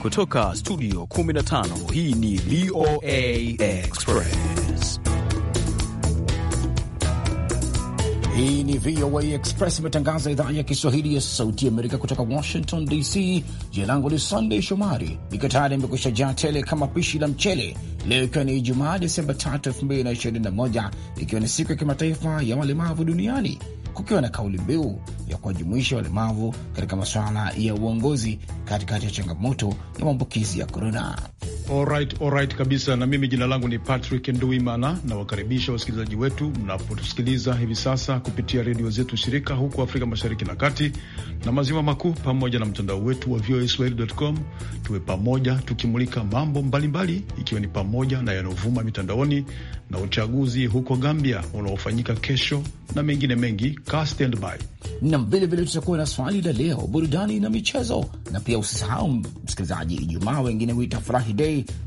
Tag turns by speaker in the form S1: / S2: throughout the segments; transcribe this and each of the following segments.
S1: Kutoka studio 15 hii ni VOA Express. Hii ni VOA Express, imetangaza idhaa ya Kiswahili ya Sauti Amerika kutoka Washington DC. Jina langu ni Sunday Shomari, niko tayari imekusha jaa tele kama pishi la mchele, leo ikiwa ni Ijumaa Desemba 3, 2021 ikiwa ni siku ya kimataifa ya walemavu duniani kukiwa na kauli mbiu ya kuwajumuisha walemavu katika masuala ya uongozi katikati ya changamoto ya maambukizi ya korona.
S2: Alright, alright kabisa. Na mimi jina langu ni Patrick Nduimana, nawakaribisha wasikilizaji wetu mnapotusikiliza hivi sasa kupitia redio zetu shirika huko Afrika Mashariki na Kati na Maziwa Makuu, pamoja na mtandao wetu wa voaswahili.com. Tuwe pamoja tukimulika mambo mbalimbali, ikiwa ni pamoja na yanayovuma mitandaoni na uchaguzi huko Gambia unaofanyika kesho na mengine mengi. Ka standby na vilevile, tutakuwa na swali la leo, burudani na michezo, na pia usisahau msikilizaji,
S1: Ijumaa wengine huita furahi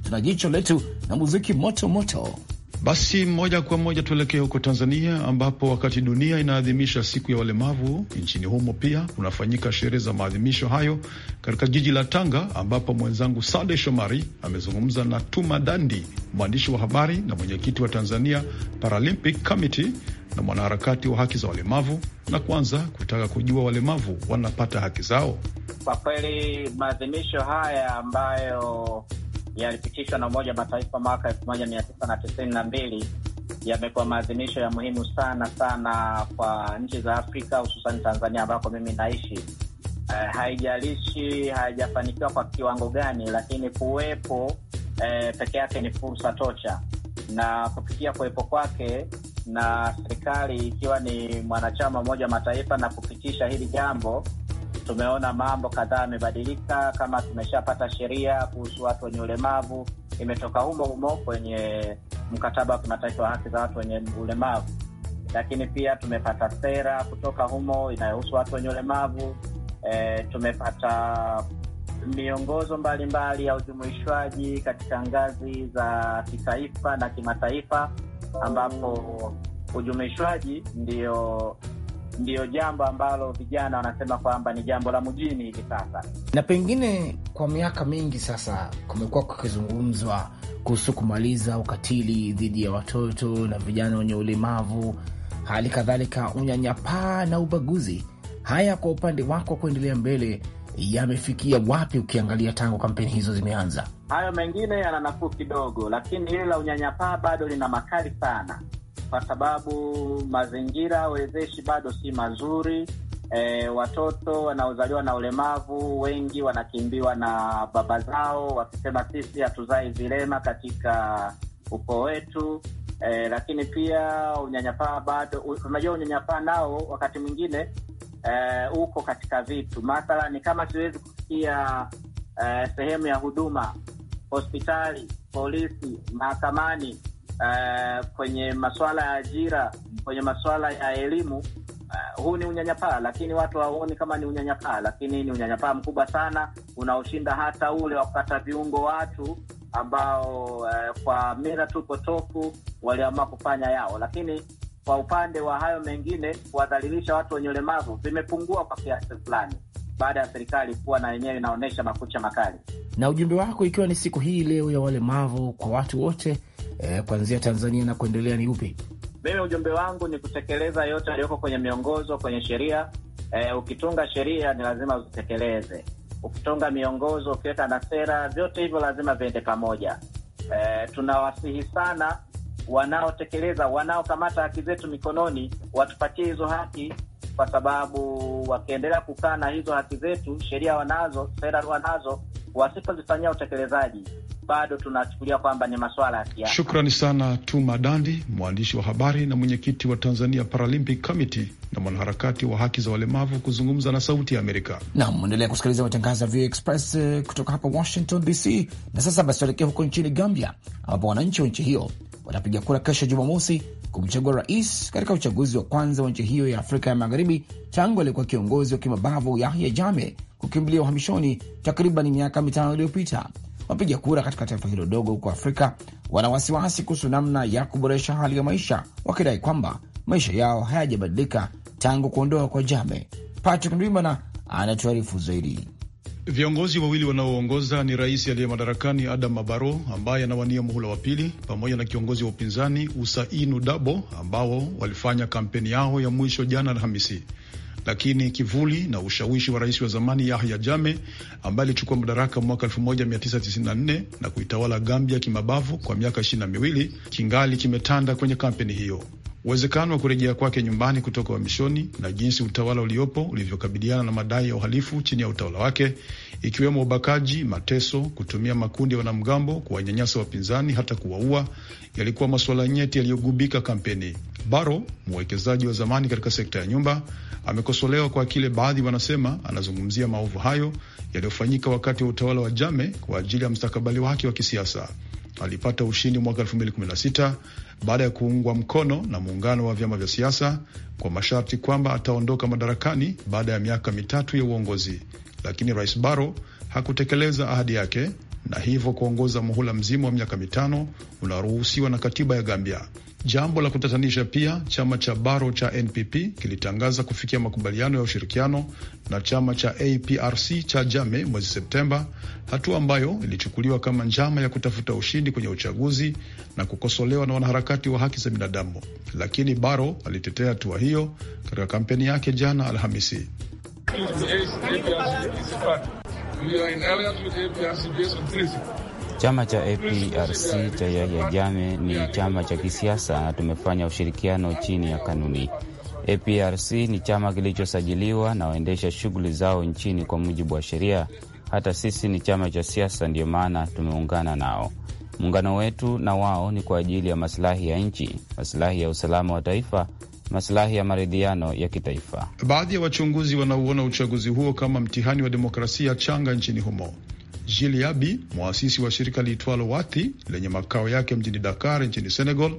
S1: tuna jicho letu na muziki moto moto.
S2: Basi moja kwa moja tuelekee huko Tanzania, ambapo wakati dunia inaadhimisha siku ya walemavu, nchini humo pia kunafanyika sherehe za maadhimisho hayo katika jiji la Tanga, ambapo mwenzangu Sade Shomari amezungumza na Tuma Dandi, mwandishi wa habari na mwenyekiti wa Tanzania Paralympic Committee na mwanaharakati wa haki za walemavu, na kwanza kutaka kujua walemavu wanapata haki zao.
S3: Kwa kweli maadhimisho haya ambayo yalipitishwa na Umoja wa Mataifa mwaka elfu moja mia tisa na tisini na mbili yamekuwa maadhimisho ya muhimu sana sana kwa nchi za Afrika hususani Tanzania ambako mimi naishi. Uh, haijalishi haijafanikiwa kwa kiwango gani, lakini kuwepo uh, peke yake ni fursa tocha na kupitia kuwepo kwake na serikali ikiwa ni mwanachama mmoja wa mataifa na kupitisha hili jambo tumeona mambo kadhaa yamebadilika, kama tumeshapata sheria kuhusu watu wenye ulemavu imetoka humo humo kwenye mkataba wa kimataifa wa haki za watu wenye ulemavu, lakini pia tumepata sera kutoka humo inayohusu watu wenye ulemavu. E, tumepata miongozo mbalimbali ya ujumuishwaji katika ngazi za kitaifa na kimataifa ambapo ujumuishwaji ndio ndiyo jambo ambalo vijana wanasema kwamba ni jambo la mjini hivi sasa.
S1: Na pengine kwa miaka mingi sasa kumekuwa kukizungumzwa kuhusu kumaliza ukatili dhidi ya watoto na vijana wenye ulemavu, hali kadhalika unyanyapaa na ubaguzi. Haya, kwa upande wako, kuendelea mbele yamefikia wapi ukiangalia tangu kampeni hizo zimeanza?
S3: Hayo mengine yana nafuu kidogo, lakini hili la unyanyapaa bado lina makali sana kwa sababu mazingira wezeshi bado si mazuri. E, watoto wanaozaliwa na ulemavu wengi wanakimbiwa na baba zao wakisema sisi hatuzai vilema katika ukoo wetu. E, lakini pia unyanyapaa bado, unajua unyanyapaa nao wakati mwingine e, uko katika vitu mathalani, kama siwezi kufikia e, sehemu ya huduma hospitali, polisi, mahakamani uh, kwenye masuala ya ajira, kwenye masuala ya elimu uh, huu ni unyanyapaa, lakini watu hawaoni kama ni unyanyapaa, lakini ni unyanyapaa mkubwa sana unaoshinda hata ule wa kukata viungo watu ambao uh, kwa mira tu potofu waliamua kufanya yao, lakini kwa upande wa hayo mengine kuwadhalilisha watu wenye ulemavu vimepungua kwa kiasi fulani baada ya serikali kuwa na yenyewe inaonyesha makucha makali.
S1: Na ujumbe wako ikiwa ni siku hii leo ya walemavu kwa watu wote eh, kuanzia Tanzania na kuendelea ni upi?
S3: Mimi ujumbe wangu ni kutekeleza yote aliyoko kwenye miongozo, kwenye sheria. Eh, ukitunga sheria ni lazima uzitekeleze, ukitunga miongozo, ukiweka na sera, vyote hivyo lazima viende pamoja. Eh, tunawasihi sana wanaotekeleza, wanaokamata haki zetu mikononi, watupatie hizo haki, kwa sababu wakiendelea kukaa na hizo haki zetu, sheria wanazo, sera wanazo wasipozifanyia utekelezaji bado tunachukulia kwamba ni maswala ya siasa.
S2: Shukrani sana Tuma Dandi, mwandishi wa habari na mwenyekiti wa Tanzania Paralympic Committee na mwanaharakati wa haki za walemavu, kuzungumza na Sauti ya Amerika. Nam endelea kusikiliza matangazo ya VOA Express eh, kutoka hapa Washington
S1: DC. Na sasa basi tuelekee huko nchini Gambia, ambapo wananchi wa nchi hiyo watapiga kura kesho Jumamosi kumchagua rais katika uchaguzi wa kwanza wa nchi hiyo ya Afrika ya Magharibi tangu aliyekuwa kiongozi wa kimabavu Yahya jame kukimbilia uhamishoni takriban miaka mitano iliyopita. Wapiga kura katika taifa hilo dogo huko Afrika wana wasiwasi kuhusu namna ya kuboresha hali ya maisha, wakidai kwamba maisha yao hayajabadilika tangu kuondoa kwa Jame. Patrick Ndwimana anatuarifu zaidi.
S2: Viongozi wawili wanaoongoza ni rais aliye madarakani Adam Mabaro ambaye anawania muhula wa pili pamoja na kiongozi wa upinzani Usainu Dabo ambao walifanya kampeni yao ya mwisho jana Alhamisi. Lakini kivuli na ushawishi wa rais wa zamani Yahya jame ambaye alichukua madaraka mwaka 1994 na kuitawala Gambia kimabavu kwa miaka ishirini na miwili kingali kimetanda kwenye kampeni hiyo uwezekano wa kurejea kwake nyumbani kutoka uhamishoni na jinsi utawala uliopo ulivyokabiliana na madai ya uhalifu chini ya utawala wake, ikiwemo ubakaji, mateso, kutumia makundi ya wanamgambo kuwanyanyasa wapinzani, hata kuwaua, yalikuwa masuala nyeti yaliyogubika kampeni. Baro, mwekezaji wa zamani katika sekta ya nyumba, amekosolewa kwa kile baadhi wanasema anazungumzia maovu hayo yaliyofanyika wakati wa utawala wa Jame kwa ajili ya mstakabali wake wa kisiasa alipata ushindi mwaka 2016 baada ya kuungwa mkono na muungano wa vyama vya siasa kwa masharti kwamba ataondoka madarakani baada ya miaka mitatu ya uongozi, lakini Rais Barrow hakutekeleza ahadi yake na hivyo kuongoza muhula mzima wa miaka mitano unaruhusiwa na katiba ya Gambia. Jambo la kutatanisha pia, chama cha Baro cha NPP kilitangaza kufikia makubaliano ya ushirikiano na chama cha APRC cha Jame mwezi Septemba, hatua ambayo ilichukuliwa kama njama ya kutafuta ushindi kwenye uchaguzi na kukosolewa na wanaharakati wa haki za binadamu, lakini Baro alitetea hatua hiyo katika kampeni yake jana Alhamisi.
S3: Chama cha APRC cha Yahya Jame ni chama cha kisiasa na tumefanya ushirikiano chini ya kanuni. APRC ni chama kilichosajiliwa na waendesha shughuli zao nchini kwa mujibu wa sheria. Hata sisi ni chama cha siasa, ndiyo maana tumeungana nao. Muungano wetu na wao ni kwa ajili ya masilahi ya nchi, masilahi ya usalama wa taifa, masilahi ya maridhiano ya kitaifa.
S2: Baadhi ya wachunguzi wanauona uchaguzi huo kama mtihani wa demokrasia changa nchini humo. Jili Abi, mwasisi wa shirika liitwalo Wathi lenye makao yake mjini Dakar nchini Senegal,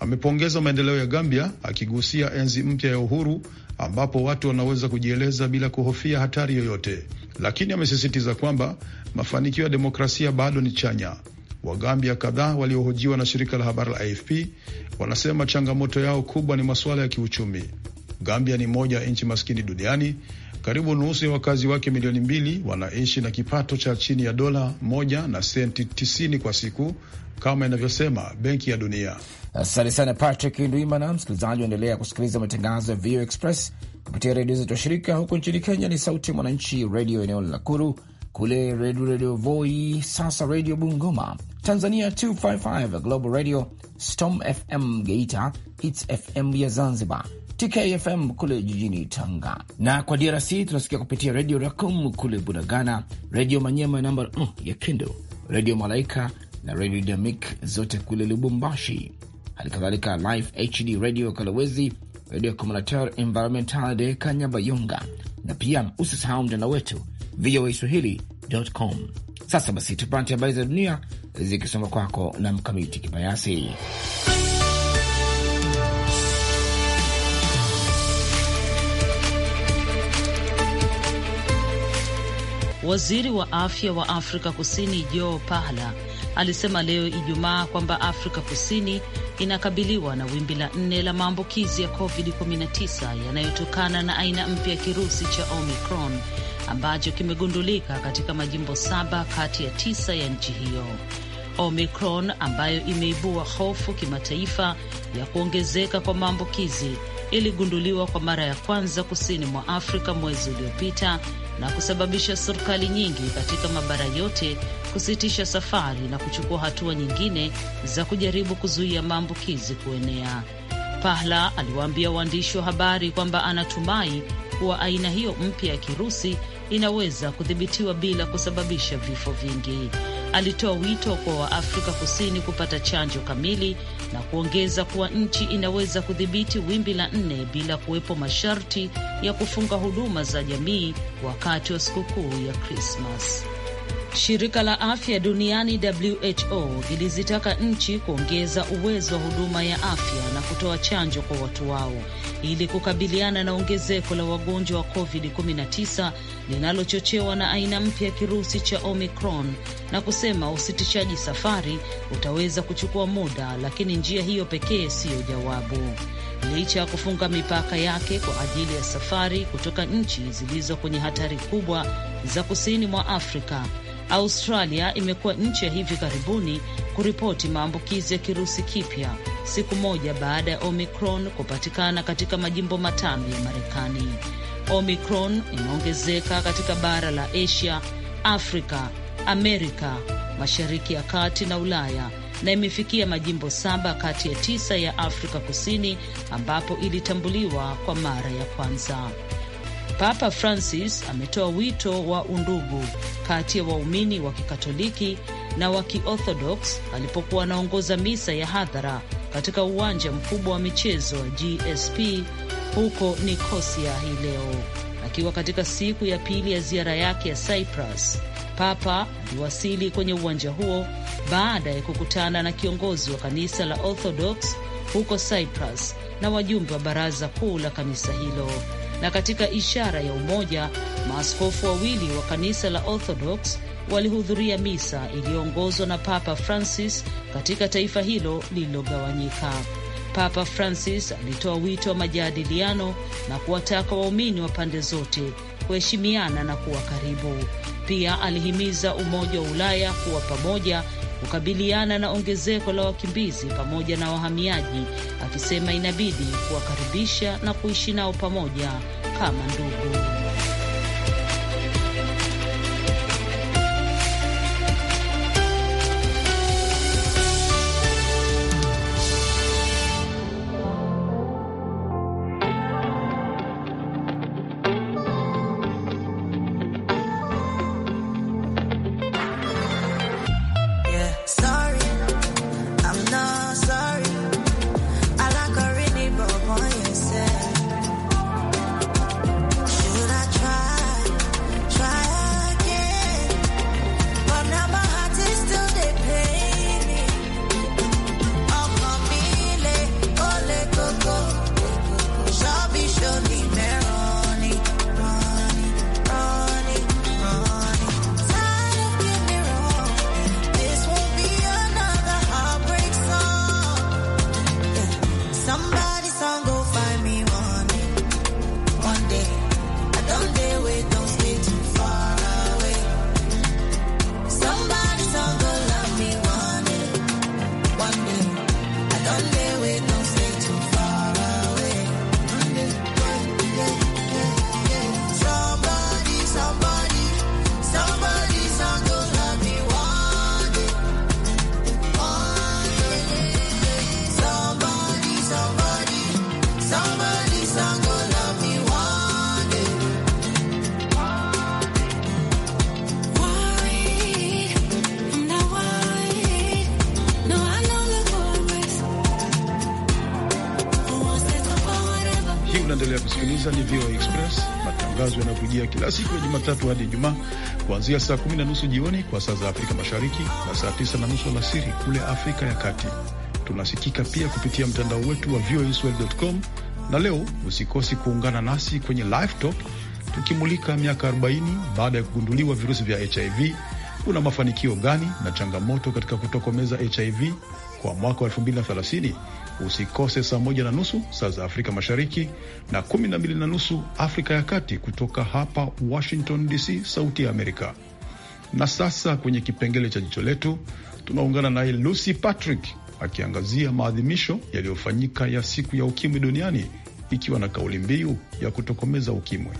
S2: amepongeza maendeleo ya Gambia akigusia enzi mpya ya uhuru ambapo watu wanaweza kujieleza bila kuhofia hatari yoyote, lakini amesisitiza kwamba mafanikio ya demokrasia bado ni chanya. Wagambia kadhaa waliohojiwa na shirika la habari la AFP wanasema changamoto yao kubwa ni masuala ya kiuchumi. Gambia ni moja ya nchi maskini duniani. Karibu nusu ya wakazi wake milioni mbili wanaishi na kipato cha chini ya dola moja na senti tisini kwa siku kama inavyosema Benki ya Dunia. Asante sana
S1: Patrick Ndwimana. Msikilizaji waendelea kusikiliza matangazo ya VOA Express kupitia redio zetu washirika. Huko nchini Kenya ni Sauti ya Mwananchi redio eneo la Nakuru, kule redio redio Voi, sasa redio Bungoma. Tanzania 255 Global Radio, Storm FM Geita, Hits FM ya Zanzibar, TKFM kule jijini Tanga, na kwa DRC tunasikia kupitia redio Racom kule Bunagana, redio Manyema namba mm, ya Kindo, redio Malaika na redio Damik zote kule Lubumbashi, hali kadhalika Live HD redio Kalowezi, redio Communautaire Environmental de Kanyabayonga, na pia usisahau mtandao wetu VOA Swahili.com. Sasa basi tupate habari za dunia zikisoma kwako na Mkamiti Kibayasi.
S4: Waziri wa afya wa Afrika Kusini Joe Pahla alisema leo Ijumaa kwamba Afrika Kusini inakabiliwa na wimbi la nne la maambukizi ya COVID-19 yanayotokana na aina mpya ya kirusi cha Omicron ambacho kimegundulika katika majimbo saba kati ya tisa ya nchi hiyo. Omicron ambayo imeibua hofu kimataifa ya kuongezeka kwa maambukizi iligunduliwa kwa mara ya kwanza kusini mwa Afrika mwezi uliopita na kusababisha serikali nyingi katika mabara yote kusitisha safari na kuchukua hatua nyingine za kujaribu kuzuia maambukizi kuenea. Pahla aliwaambia waandishi wa habari kwamba anatumai kuwa aina hiyo mpya ya kirusi inaweza kudhibitiwa bila kusababisha vifo vingi alitoa wito kwa Waafrika Kusini kupata chanjo kamili na kuongeza kuwa nchi inaweza kudhibiti wimbi la nne bila kuwepo masharti ya kufunga huduma za jamii wakati wa sikukuu ya Krismas. Shirika la afya duniani WHO ilizitaka nchi kuongeza uwezo wa huduma ya afya na kutoa chanjo kwa watu wao ili kukabiliana na ongezeko la wagonjwa wa COVID-19 linalochochewa na aina mpya ya kirusi cha Omicron na kusema usitishaji safari utaweza kuchukua muda, lakini njia hiyo pekee siyo jawabu. Licha ya kufunga mipaka yake kwa ajili ya safari kutoka nchi zilizo kwenye hatari kubwa za kusini mwa Afrika, Australia imekuwa nchi ya hivi karibuni kuripoti maambukizi ya kirusi kipya siku moja baada ya Omicron kupatikana katika majimbo matano ya Marekani. Omicron imeongezeka katika bara la Asia, Afrika, Amerika, Mashariki ya Kati na Ulaya na imefikia majimbo saba kati ya tisa ya Afrika Kusini ambapo ilitambuliwa kwa mara ya kwanza. Papa Francis ametoa wito wa undugu kati ya waumini wa Kikatoliki na wa Kiorthodox alipokuwa anaongoza misa ya hadhara katika uwanja mkubwa wa michezo wa GSP huko Nikosia hii leo. Akiwa katika siku ya pili ya ziara yake ya Cyprus, Papa aliwasili kwenye uwanja huo baada ya kukutana na kiongozi wa kanisa la Orthodox huko Cyprus na wajumbe wa baraza kuu la kanisa hilo na katika ishara ya umoja, maaskofu wawili wa kanisa la Orthodox walihudhuria misa iliyoongozwa na Papa Francis katika taifa hilo lililogawanyika. Papa Francis alitoa wito wa majadiliano na kuwataka waumini wa pande zote kuheshimiana na kuwa karibu. Pia alihimiza Umoja wa Ulaya kuwa pamoja kukabiliana na ongezeko la wakimbizi pamoja na wahamiaji, akisema inabidi kuwakaribisha na kuishi nao pamoja kama ndugu.
S2: Unaendelea kusikiliza ni VOA Express. Matangazo yanakujia kila siku ya Jumatatu hadi Ijumaa kuanzia saa kumi na nusu jioni kwa saa za Afrika Mashariki na saa tisa na nusu alasiri kule Afrika ya Kati. Tunasikika pia kupitia mtandao wetu wa voaswahili.com, na leo usikosi kuungana nasi kwenye live talk tukimulika miaka 40 baada ya kugunduliwa virusi vya HIV. Kuna mafanikio gani na changamoto katika kutokomeza HIV kwa mwaka wa 2030. Usikose saa moja na nusu saa za Afrika Mashariki na kumi na mbili na nusu Afrika ya Kati, kutoka hapa Washington DC, Sauti ya Amerika. Na sasa kwenye kipengele cha jicho letu tunaungana naye Lucy Patrick akiangazia maadhimisho yaliyofanyika ya siku ya ukimwi duniani ikiwa na kauli mbiu ya kutokomeza ukimwi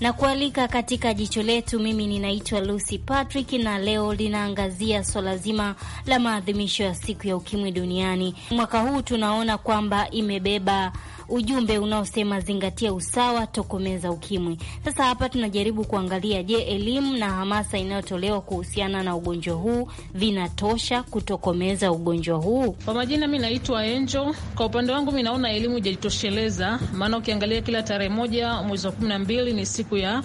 S5: na kualika katika jicho letu. Mimi ninaitwa Lucy Patrick na leo linaangazia swala zima la maadhimisho ya siku ya ukimwi duniani. Mwaka huu tunaona kwamba imebeba ujumbe unaosema zingatia usawa, tokomeza ukimwi. Sasa hapa tunajaribu kuangalia, je, elimu na hamasa inayotolewa kuhusiana na ugonjwa huu
S6: vinatosha kutokomeza ugonjwa huu? Kwa majina, mi naitwa enjo Kwa upande wangu, mi naona elimu ijajitosheleza, maana ukiangalia kila tarehe moja mwezi wa kumi na mbili ni siku ya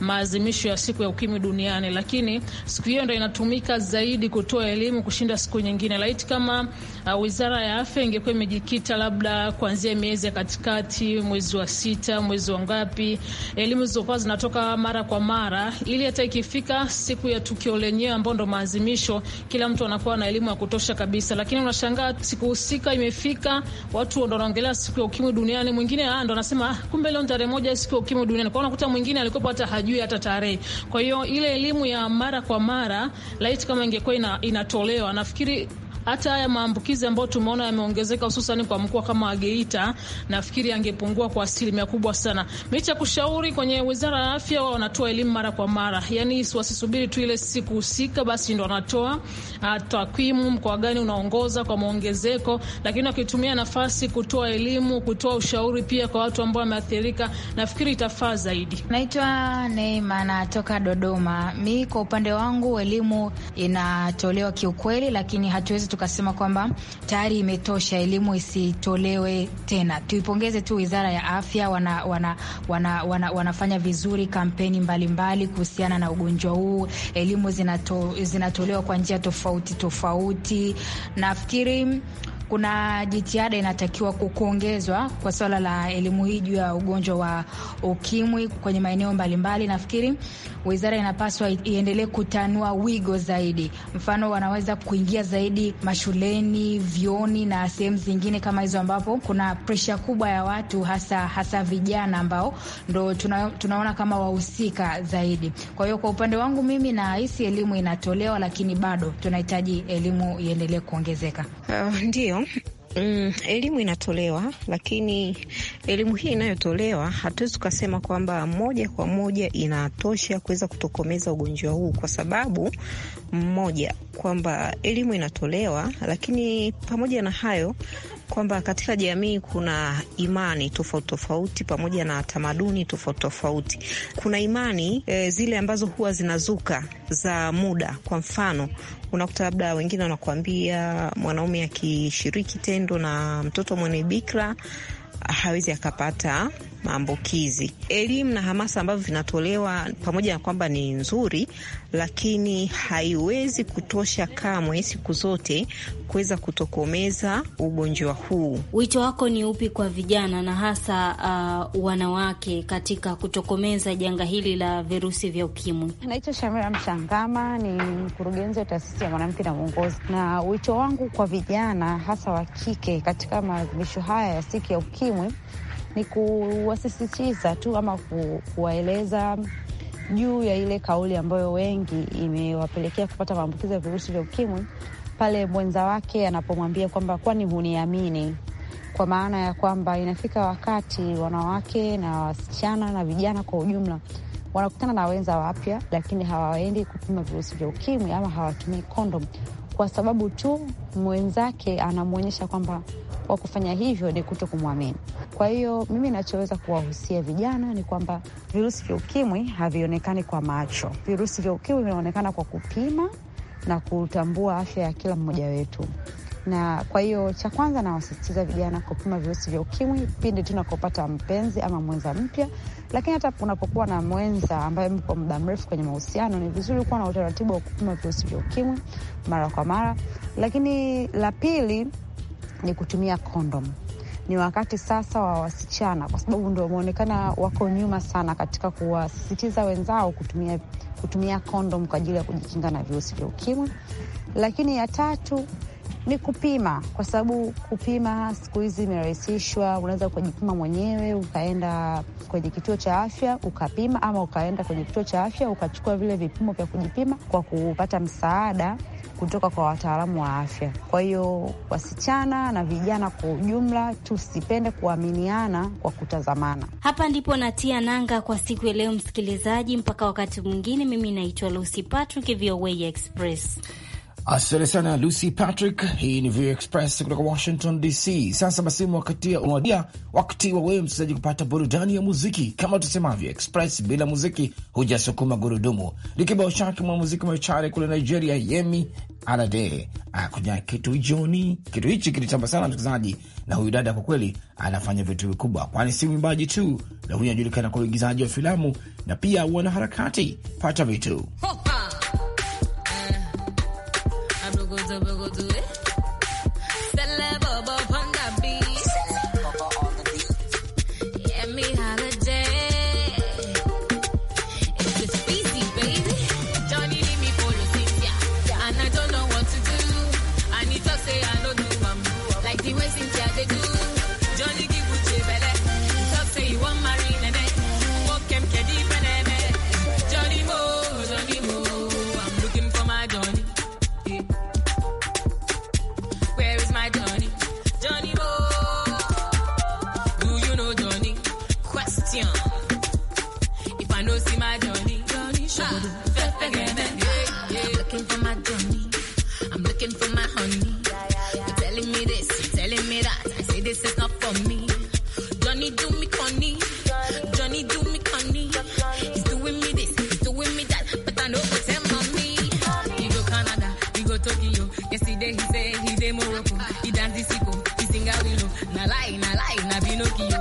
S6: maazimisho ya siku ya ukimwi duniani, lakini siku hiyo ndo inatumika zaidi kutoa elimu kushinda siku nyingine. Laiti kama uh, wizara ya afya ingekuwa imejikita labda kuanzia miezi ya katikati, mwezi wa sita, mwezi wa ngapi, elimu zilizokuwa zinatoka mara kwa mara, ili hata ikifika siku ya tukio lenyewe ambao ndo maazimisho, kila mtu anakuwa na elimu ya kutosha kabisa. Lakini unashangaa siku husika imefika, watu ndo wanaongelea siku ya ukimwi duniani, mwingine ah, ndo anasema ah, kumbe leo tarehe moja siku ya ukimwi duniani, kwa unakuta mwingine alikuwa hata hajui hawajui hata tarehe. Kwa hiyo ile elimu ya mara kwa mara laiti kama ingekuwa ina, inatolewa nafikiri hata haya maambukizi ambayo tumeona yameongezeka hususan kwa mkoa kama Geita, nafikiri angepungua kwa asilimia kubwa sana. Mimi cha kushauri kwenye Wizara ya Afya, wao wanatoa elimu mara kwa mara, yani wasisubiri tu ile siku husika basi ndo wanatoa ah, takwimu, mkoa gani unaongoza kwa maongezeko, lakini wakitumia nafasi kutoa elimu, kutoa ushauri pia kwa watu ambao wameathirika, nafikiri itafaa zaidi.
S7: Naitwa Neima, natoka Dodoma. Mi kwa upande wangu elimu inatolewa kiukweli, lakini hatuwezi tukasema kwamba tayari imetosha, elimu isitolewe tena. Tuipongeze tu wizara ya afya, wana, wana, wana, wana, wanafanya vizuri kampeni mbalimbali kuhusiana na ugonjwa huu. Elimu zinato, zinatolewa kwa njia tofauti tofauti. Nafikiri kuna jitihada inatakiwa kukuongezwa kwa swala la elimu hii juu ya ugonjwa wa ukimwi kwenye maeneo mbalimbali. Nafikiri wizara inapaswa iendelee kutanua wigo zaidi, mfano wanaweza kuingia zaidi mashuleni, vyoni na sehemu zingine kama hizo ambapo kuna presha kubwa ya watu, hasa hasa vijana ambao ndo tuna, tunaona kama wahusika zaidi. Kwa hiyo kwa upande wangu mimi nahisi elimu inatolewa, lakini bado tunahitaji elimu iendelee kuongezeka. Uh, ndio Mm, elimu inatolewa lakini elimu hii inayotolewa hatuwezi tukasema kwamba moja kwa moja inatosha kuweza kutokomeza ugonjwa huu, kwa sababu mmoja kwamba elimu inatolewa, lakini pamoja na hayo kwamba katika jamii kuna imani tofauti tofauti pamoja na tamaduni tofauti tofauti. Kuna imani e, zile ambazo huwa zinazuka za muda. Kwa mfano, unakuta labda wengine wanakuambia mwanaume akishiriki tendo na mtoto mwenye bikra hawezi akapata maambukizi. Elimu na hamasa ambavyo vinatolewa pamoja na kwamba ni nzuri, lakini haiwezi kutosha kamwe siku zote kuweza kutokomeza ugonjwa huu. Wito
S5: wako ni upi kwa vijana na hasa uh, wanawake katika kutokomeza janga hili la virusi vya ukimwi?
S7: Naitwa Shamira Mchangama, ni mkurugenzi wa taasisi ya mwanamke na uongozi, na wito wangu kwa vijana hasa wa kike katika maadhimisho haya ya siku ya ukimwi ni kuwasisitiza tu ama kuwaeleza juu ya ile kauli ambayo wengi imewapelekea kupata maambukizi ya virusi vya ukimwi pale mwenza wake anapomwambia kwamba kwani huniamini, kwa maana ya kwamba inafika wakati wanawake na wasichana na vijana kwa ujumla wanakutana na wenza wapya, lakini hawaendi kupima virusi vya ukimwi ama hawatumii kondom kwa sababu tu mwenzake anamwonyesha kwamba kwa kufanya hivyo ni kuto kumwamini. Kwa hiyo mimi nachoweza kuwahusia vijana ni kwamba virusi vya ukimwi havionekani kwa macho. Virusi vya ukimwi vinaonekana kwa kupima na kutambua afya ya kila mmoja wetu na kwa hiyo cha kwanza nawasisitiza vijana kupima virusi vya ukimwi pindi tu unapopata mpenzi ama mwenza mpya, lakini hata unapokuwa na mwenza ambaye mko muda mrefu kwenye mahusiano, ni vizuri kuwa na utaratibu wa kupima virusi vya ukimwi mara kwa mara. Lakini la pili ni kutumia kondom. Ni wakati sasa wa wasichana, kwa sababu ndio umeonekana wako nyuma sana katika kuwasisitiza wenzao kutumia, kutumia kondom kwa ajili ya kujikinga na virusi vya ukimwi. Lakini ya tatu ni kupima, kwa sababu kupima siku hizi imerahisishwa. Unaweza ukajipima mwenyewe, ukaenda kwenye kituo cha afya ukapima, ama ukaenda kwenye kituo cha afya ukachukua vile vipimo vya kujipima kwa kupata msaada kutoka kwa wataalamu wa afya. Kwa hiyo wasichana na vijana kwa ujumla, tusipende kuaminiana kwa kutazamana.
S5: Hapa ndipo natia nanga kwa siku ya leo, msikilizaji. Mpaka wakati mwingine, mimi naitwa Lucy Patrick, VOA Express.
S1: Asante sana Lucy Patrick. Hii ni VOA Express kutoka Washington DC. Sasa basi, wakati unawadia, wakati wa wewe msikilizaji kupata burudani ya muziki. Kama tusemavyo, Express bila muziki hujasukuma gurudumu. Ni kibao chake mwa muziki machare kule Nigeria, Yemi Alade akuja ah, kitu joni. Kitu hichi kilitamba sana msikilizaji, na huyu dada kwa kweli anafanya vitu vikubwa, kwani si mwimbaji tu, na huyu anajulikana kwa uigizaji wa filamu na pia wanaharakati. Pata vitu
S4: Hoppa.
S8: Cause idanzisiko isingawilo nalai nalai na na pinokio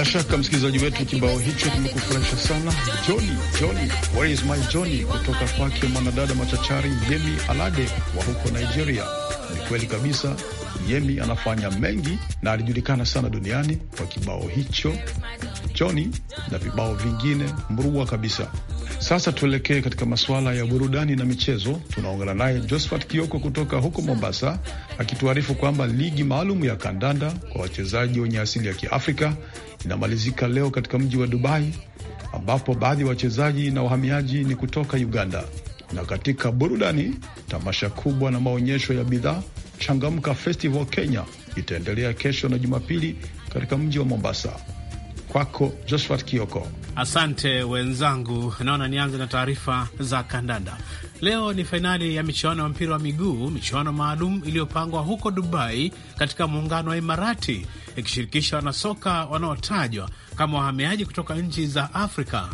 S2: Bila shaka msikilizaji wetu, kibao hicho kimekufurahisha sana. Johnny, Johnny, where is my Johnny, kutoka kwake mwanadada machachari Yemi Alade wa huko Nigeria. Ni kweli kabisa, Yemi anafanya mengi na alijulikana sana duniani kwa kibao hicho Johnny na vibao vingine mrua kabisa. Sasa tuelekee katika masuala ya burudani na michezo. Tunaongana naye Josephat Kioko kutoka huko Mombasa, akituarifu kwamba ligi maalum ya kandanda kwa wachezaji wenye asili ya Kiafrika inamalizika leo katika mji wa Dubai, ambapo baadhi ya wachezaji na wahamiaji ni kutoka Uganda. Na katika burudani, tamasha kubwa na maonyesho ya bidhaa Changamka Festival Kenya itaendelea kesho na Jumapili katika mji wa Mombasa. Kwako Josphat Kioko.
S9: Asante wenzangu, naona nianze na taarifa za kandanda. Leo ni fainali ya michuano ya mpira wa miguu, michuano maalum iliyopangwa huko Dubai katika muungano wa Imarati, ikishirikisha wanasoka wanaotajwa kama wahamiaji kutoka nchi za Afrika.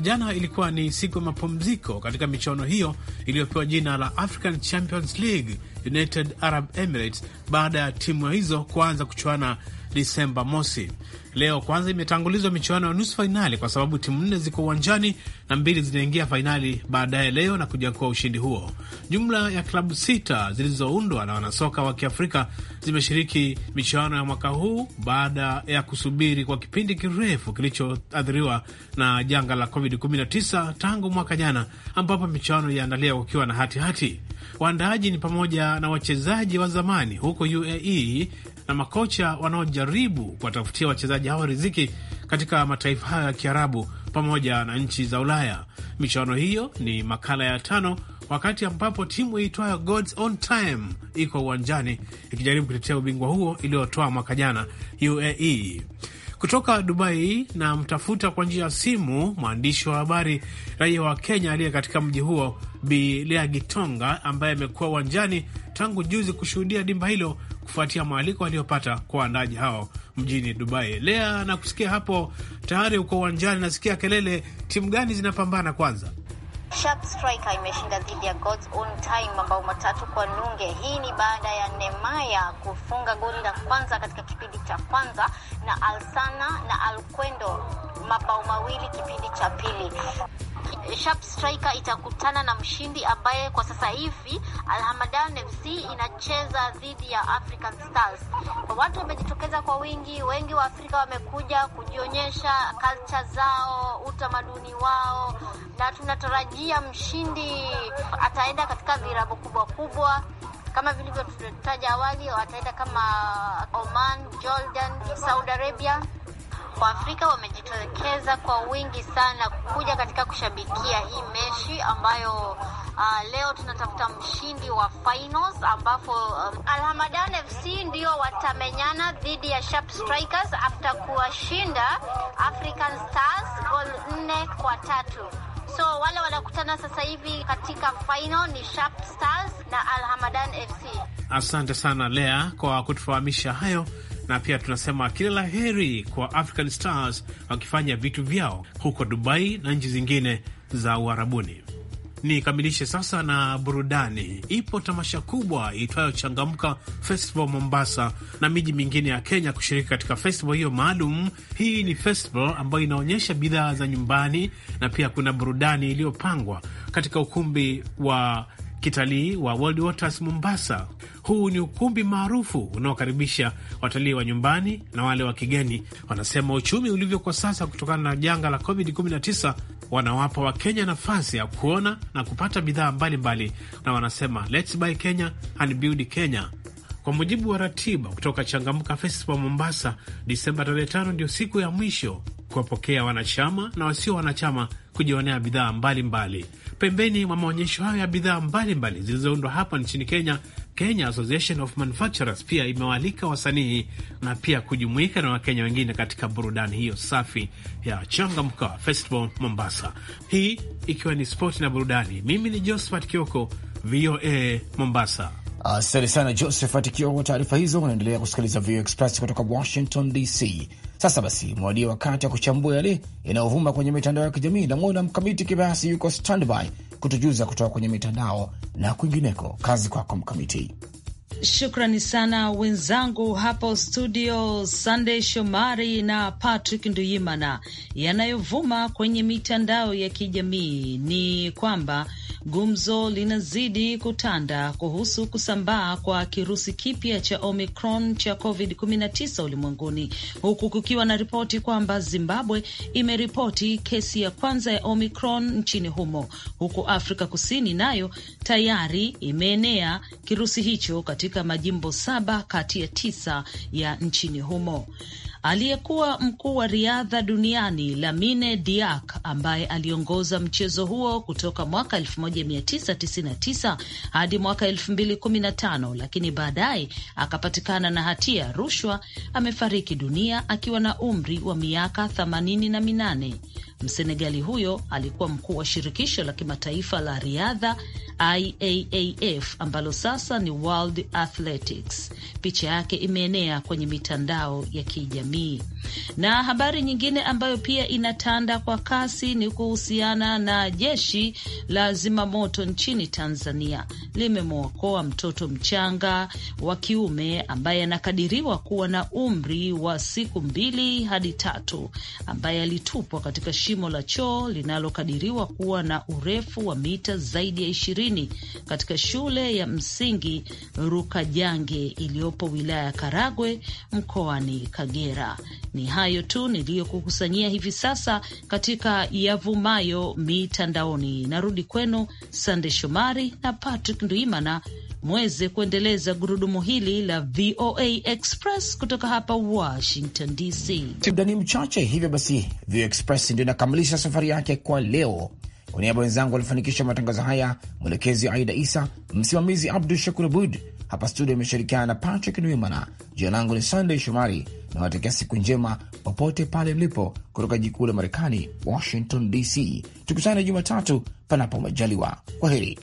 S9: Jana ilikuwa ni siku ya mapumziko katika michuano hiyo iliyopewa jina la African Champions League United Arab Emirates, baada ya timu hizo kuanza kuchuana Disemba mosi. Leo kwanza imetangulizwa michuano ya nusu fainali kwa sababu timu nne ziko uwanjani na mbili zinaingia fainali baadaye leo na kujakua ushindi huo. Jumla ya klabu sita zilizoundwa na wanasoka wa Kiafrika zimeshiriki michuano ya mwaka huu baada ya kusubiri kwa kipindi kirefu kilichoathiriwa na janga la COVID-19 tangu mwaka jana, ambapo michuano iliandaliwa kukiwa na hatihati hati. Waandaaji ni pamoja na wachezaji wa zamani huko UAE na makocha wanaojaribu kuwatafutia wachezaji hao riziki katika mataifa hayo ya Kiarabu pamoja na nchi za Ulaya. Michuano hiyo ni makala ya tano, wakati ambapo timu iitwayo God's Time iko uwanjani ikijaribu kutetea ubingwa huo iliyotoa mwaka jana UAE. Kutoka Dubai na mtafuta kwa njia ya simu mwandishi wa habari raia wa Kenya aliye katika mji huo Bi Lea Gitonga, ambaye amekuwa uwanjani tangu juzi kushuhudia dimba hilo kufuatia mwaliko aliyopata kwa waandaji hao mjini Dubai. Lea, nakusikia hapo tayari uko uwanjani, nasikia kelele. Timu gani zinapambana kwanza?
S5: Sharp Striker imeshinda dhidi ya God's Own Time mabao matatu kwa nunge. Hii ni baada ya Nemaya kufunga goli la kwanza katika kipindi cha kwanza na Alsana na alkwendo mabao mawili kipindi cha pili. Sharp Striker itakutana na mshindi ambaye kwa sasa hivi alhamadan FC inacheza dhidi ya African Stars. Watu wamejitokeza kwa wingi, wengi wa Afrika wamekuja kujionyesha culture zao, utamaduni wao, na tunatarajia mshindi ataenda katika virabu kubwa kubwa kama vilivyo tulitaja awali, wataenda kama Oman, Jordan, Saudi Arabia Waafrika wamejitokeza kwa wingi sana kuja katika kushabikia hii mechi ambayo Uh, leo tunatafuta mshindi wa finals ambapo um, Alhamadan FC ndio watamenyana dhidi ya Sharp Strikers after kuwashinda African Stars gol nne kwa tatu. So wale wanakutana sasa hivi katika final ni Sharp Stars na Alhamadan FC.
S9: Asante sana Lea kwa kutufahamisha hayo na pia tunasema kila la heri kwa African Stars wakifanya vitu vyao huko Dubai na nchi zingine za Uarabuni. Nikamilishe sasa na burudani. Ipo tamasha kubwa itwayo Changamka Festival Mombasa na miji mingine ya Kenya kushiriki katika festival hiyo maalum. Hii ni festival ambayo inaonyesha bidhaa za nyumbani na pia kuna burudani iliyopangwa katika ukumbi wa kitalii wa World Waters Mombasa. Huu ni ukumbi maarufu unaokaribisha watalii wa nyumbani na wale wa kigeni. Wanasema uchumi ulivyo kwa sasa kutokana na janga la COVID-19 wanawapa Wakenya nafasi ya kuona na kupata bidhaa mbalimbali, na wanasema Let's buy Kenya and build Kenya. Kwa mujibu wa ratiba kutoka Changamka Festival Mombasa, Disemba tarehe tano ndio siku ya mwisho kuwapokea wanachama na wasio wanachama kujionea bidhaa mbalimbali pembeni mwa maonyesho hayo ya bidhaa mbalimbali zilizoundwa hapa nchini Kenya. Kenya Association of Manufacturers pia imewaalika wasanii na pia kujumuika na Wakenya wengine katika burudani hiyo safi ya Changamka Festival Mombasa, hii ikiwa ni spoti na burudani. Mimi ni Josephat Kioko, VOA Mombasa. Asante sana
S1: Josephat Kioko kwa taarifa hizo. Unaendelea kusikiliza VOA Express kutoka Washington DC. Sasa basi, mwadia wakati wa kuchambua yale yanayovuma kwenye mitandao ya kijamii. Namwona Mkamiti Kibayasi yuko standby kutujuza kutoka kwenye mitandao na kwingineko. Kazi kwako Mkamiti.
S4: Shukrani sana wenzangu hapo studio, Sandey Shomari na Patrick Nduyimana. Yanayovuma kwenye mitandao ya kijamii ni kwamba gumzo linazidi kutanda kuhusu kusambaa kwa kirusi kipya cha Omicron cha COVID-19 ulimwenguni, huku kukiwa na ripoti kwamba Zimbabwe imeripoti kesi ya kwanza ya Omicron nchini humo, huku Afrika Kusini nayo tayari imeenea kirusi hicho katika katika majimbo saba kati ya tisa ya nchini humo. Aliyekuwa mkuu wa riadha duniani Lamine Diak, ambaye aliongoza mchezo huo kutoka mwaka 1999 hadi mwaka 2015, lakini baadaye akapatikana na hatia ya rushwa, amefariki dunia akiwa na umri wa miaka na minane. Msenegali huyo alikuwa mkuu wa shirikisho la kimataifa la riadha IAAF ambalo sasa ni World Athletics. Picha yake imeenea kwenye mitandao ya kijamii. Na habari nyingine ambayo pia inatanda kwa kasi ni kuhusiana na jeshi la zimamoto nchini Tanzania limemwokoa mtoto mchanga wa kiume ambaye anakadiriwa kuwa na umri wa siku mbili hadi tatu ambaye alitupwa katika shimo la choo linalokadiriwa kuwa na urefu wa mita zaidi ya ishirini katika shule ya msingi Rukajange iliyopo wilaya ya Karagwe mkoani Kagera. Ni hayo tu niliyokukusanyia hivi sasa katika yavumayo mitandaoni. Narudi kwenu Sande Shomari na Patrick nduimana mweze kuendeleza gurudumu hili la VOA Express kutoka hapa Washington DC. Mdani
S1: mchache hivyo basi, VOA Express ndio inakamilisha safari yake kwa leo. Kwa niaba wenzangu walifanikisha matangazo haya, mwelekezi Aida Isa, msimamizi Abdu Shakur Abud. Hapa studio imeshirikiana na Patrick Nwimana. Jina langu ni Sandey Shomari na siku njema popote pale mlipo, kutoka jikuu la Marekani, Washington DC. Tukutane Jumatatu panapo majaliwa. Kwa heri.